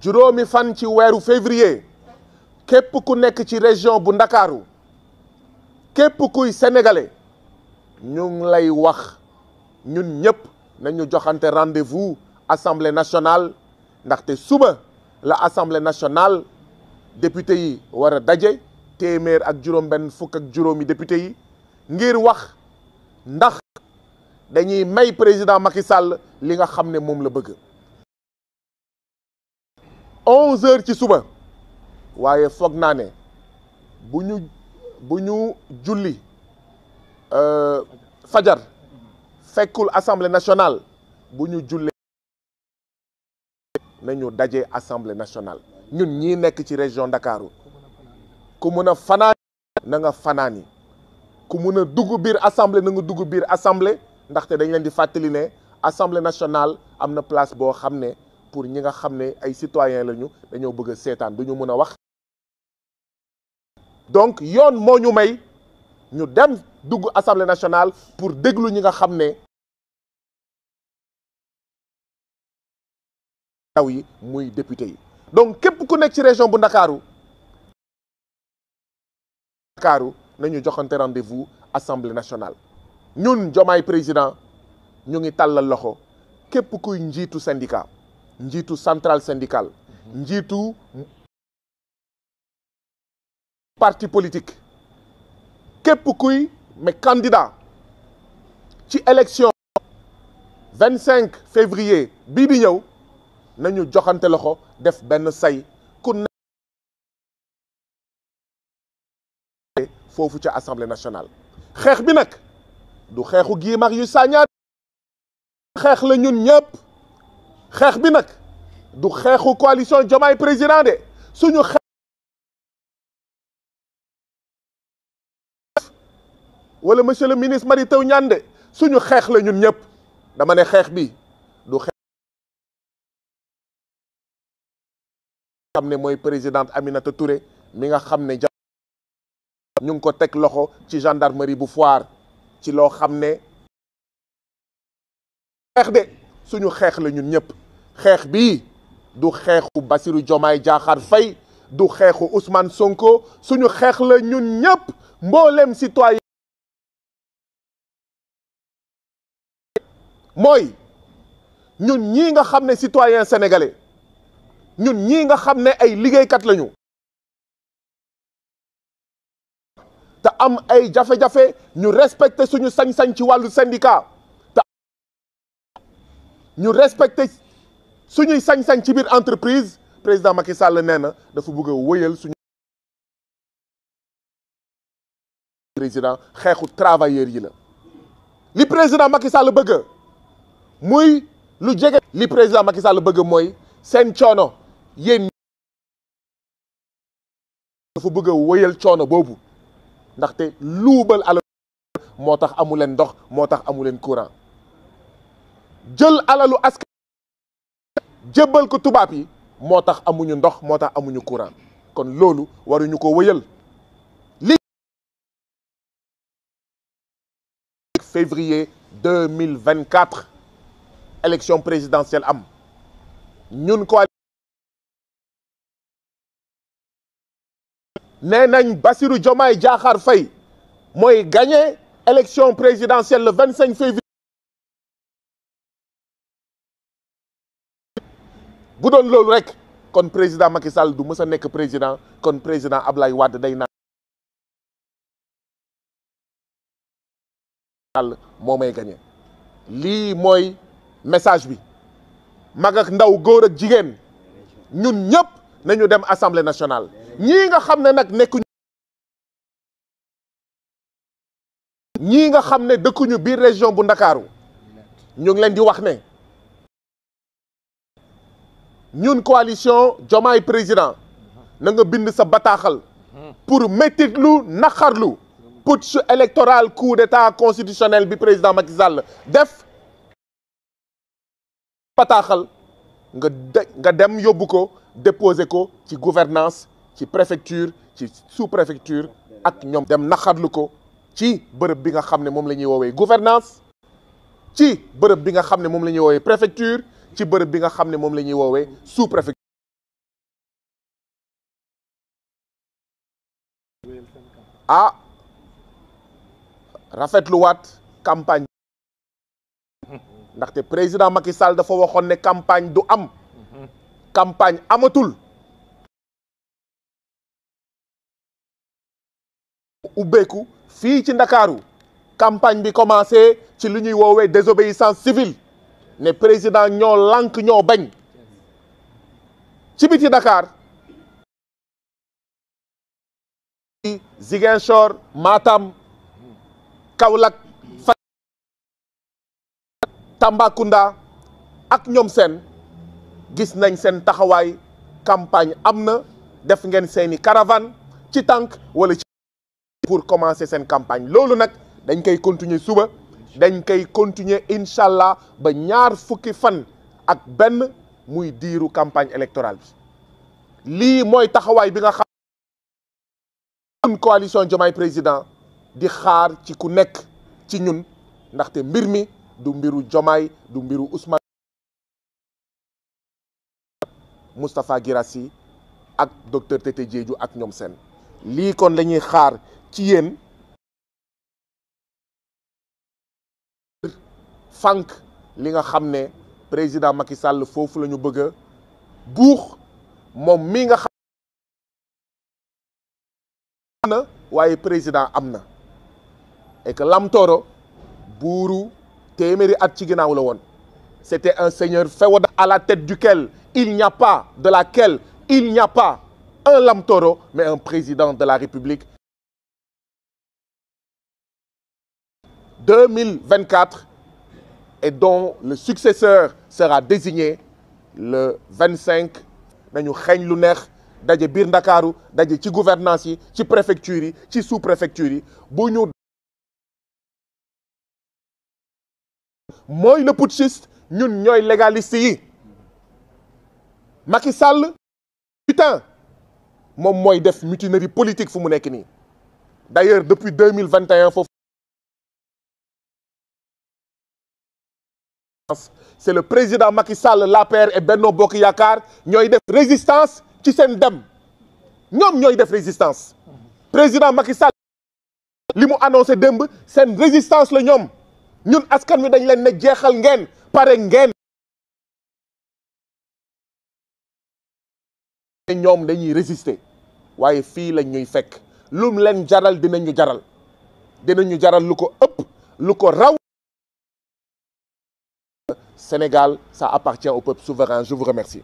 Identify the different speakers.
Speaker 1: juróomi fan ci weeru février képp ku nekk ci région bu ndakaaru képp kuy sénégalais ñu lay wax ñun ñëpp nañu joxante rendez-vous assemblée nationale ndaxte suba la assemblée nationale député yi war a daje téeméer ak juróom-benn fukk ak juróomi député yi ngir wax ndax dañuy may président Macky Sall li nga xam ne moom la bëgg. onze heures ci suba waaye foog naa ne bu ñu bu ñu julli euh, fajar fekkul assemblée national bu ñu jullee nañu dajee assemblée national ñun ñii nekk ci région Ndakaaru ku mun a fanaan nanga nga fanaani ku mun a dugg biir assemblée na nga dugg biir assemblée ndaxte dañ leen di fàttali ne assemblée national am na place boo xam ne pour ñi nga xam ne ay citoyens lañu dañoo bëgg seetaan du ñu mën a wax. donc yoon moo ñu may ñu dem dugg assemblée nationale pour déglu ñi nga xam ne. ndaw yi muy député yi donc képp ku nekk ci région bu Ndakaaru. Ndakaaru nañu joxante rendez-vous assemblée nationale ñun Diomaye président ñu ngi tàllal loxo képp kuy njiitu syndicat. njiitu centrale syndicale njiitu parti politique képp kuy mais candidat ci élection vingt cinq février bii di ñëw nañu joxante loxo def benn say ku ne foofu ca assemblée nationale xeex bi nag du xeexu Guy Marius Sagna xeex la ñun ñëpp xeex bi nag du xeexu coalition Diomaye président de suñu xeex wala monsieur le ministre Mary Teuw suñu xeex la ñun ñëpp dama ne xeex bi du xeex xam ne mooy président Aminata Touré mi nga xam ne ñu ngi ko teg loxo ci gendarmerie bu Foire ci loo xam ne xeex de suñu xeex la ñun ñëpp xeex bi du xeexu basiru Diomaye Diakhar Faye du xeexu Ousmane Sonko suñu xeex la ñun ñëpp mboolem citoyen mooy ñun ñi nga xam ne citoyen sénégalais ñun ñi nga xam ne ay liggéeykat lañu te am ay jafe-jafe ñu respecté suñu sañ-sañ ci wàllu syndicat te ñu respecté suñuy sañ-sañ ci biir entreprise président Macky Sall nee na dafa bëgg a wëyal xeexu travailleurs yi la li président Macky bëgg muy lu jege li président Macky Sall bëgg mooy seen coono yéen dafa bëgg a wëyal coono boobu ndaxte luubal alal moo tax amu leen ndox moo tax amu leen courant jël alalu ask jébbal ko tubaab yi moo tax amuñu ndox moo tax amuñu courant kon loolu waruñu ko wëyal li février 2024 élection présidentielle am ñun ko nee nañ Bassirou Diomaye Diakhar Faye mooy gagné élection présidentielle le 25 février bu doon loolu rek kon président Macky Sall du mës a nekk président kon président Ablaye Wade day naan Sall moo may gagné lii mooy message bi mag ak ndaw góor ak jigéen ñun ñëpp nañu dem assemblée nationale ñii nga xam ne nag nekkuñu ñi nga xam ne dëkkuñu biir région bu Ndakaaru ñu ngi leen di wax ne ñun coalition Diomaye président na nga bind sa bataaxal pour mettitlu naqarlu putsch électoral coup d'état constitutionnel bi président Macky Sall def bataaxal nga nga dem yóbbu ko déposer ko ci gouvernance ci préfecture ci sous-préfecture ak ñoom dem naqarlu ko ci bërëb bi nga xam ne moom la ñuy woowee gouvernance ci bërëb bi nga xam ne moom la woowe woowee préfecture ci bërëb bi nga xam ne moom la ñuy woowee sous préfecture ah rafetluwaat campagne ndaxte président Macky Sall dafa waxoon ne campagne du am campagne amatul ubbeeku fii ci ndakaaru campagne bi commencé ci lu ñuy woowee désobéissance civile ne président ñoo lànk ñoo bañ ci biti Dakar Ziguinchor Matam Kaolack Fatick Tambacounda ak ñoom seen gis nañ seen taxawaay campagne am na def ngeen seeni caravane ci tànk wala ci pour commencer seen campagne loolu nag dañ koy continuer suba dañ koy continuer incha allah ba ñaar fukki fan ak benn muy diiru campagne électorale bi lii mooy taxawaay bi nga xam ñun coalition Diomaye Président di xaar ci ku nekk ci ñun ndaxte mbir mi du mbiru Diomaye du mbiru Ousmane Moustapha Guirassy ak docteur Tete Diédhiou ak ñoom seen lii kon la xaar ci yéen sànq li nga xam ne président Macky Sall foofu la ñu bëgg a buux moom mi nga xam na waaye président am na et que Lamtoro buuru téeméeri at ci ginnaaw la woon c'était un seigneur féodal à la tête duquel il n'y a pas de laquelle il n'y a pas un Lamtoro mais un président de la République 2024 et dont le successeur sera désigné le cinq nañu xeeñ lu neex daje biir ndakaaru daje ci gouvernance yi ci préfecture yi ci sous-préfecture yi bu ñu mooy le putschiste ñun ñooy légaliste yi Macky Sall putain moom mooy def mutinerie politique fu mu nekk nii d'ailleurs depuis deux mille vingt et un foofu c'est le président Macky Sall l'APR et Benno Bokk Yaakaar ñooy def résistance ci seen dem ñoom ñooy def résistance président Macky Sall li mu annoncé démb seen résistance la ñoom ñun askan wi dañ leen jeexal ngeen pare ngeen ñoom dañuy résister waaye fii la ñuy fekk lum leen jaral dinañu jaral dinañu jaral lu ko ëpp lu ko raw Sénégal, ça appartient au peuple souverain. Je vous remercie.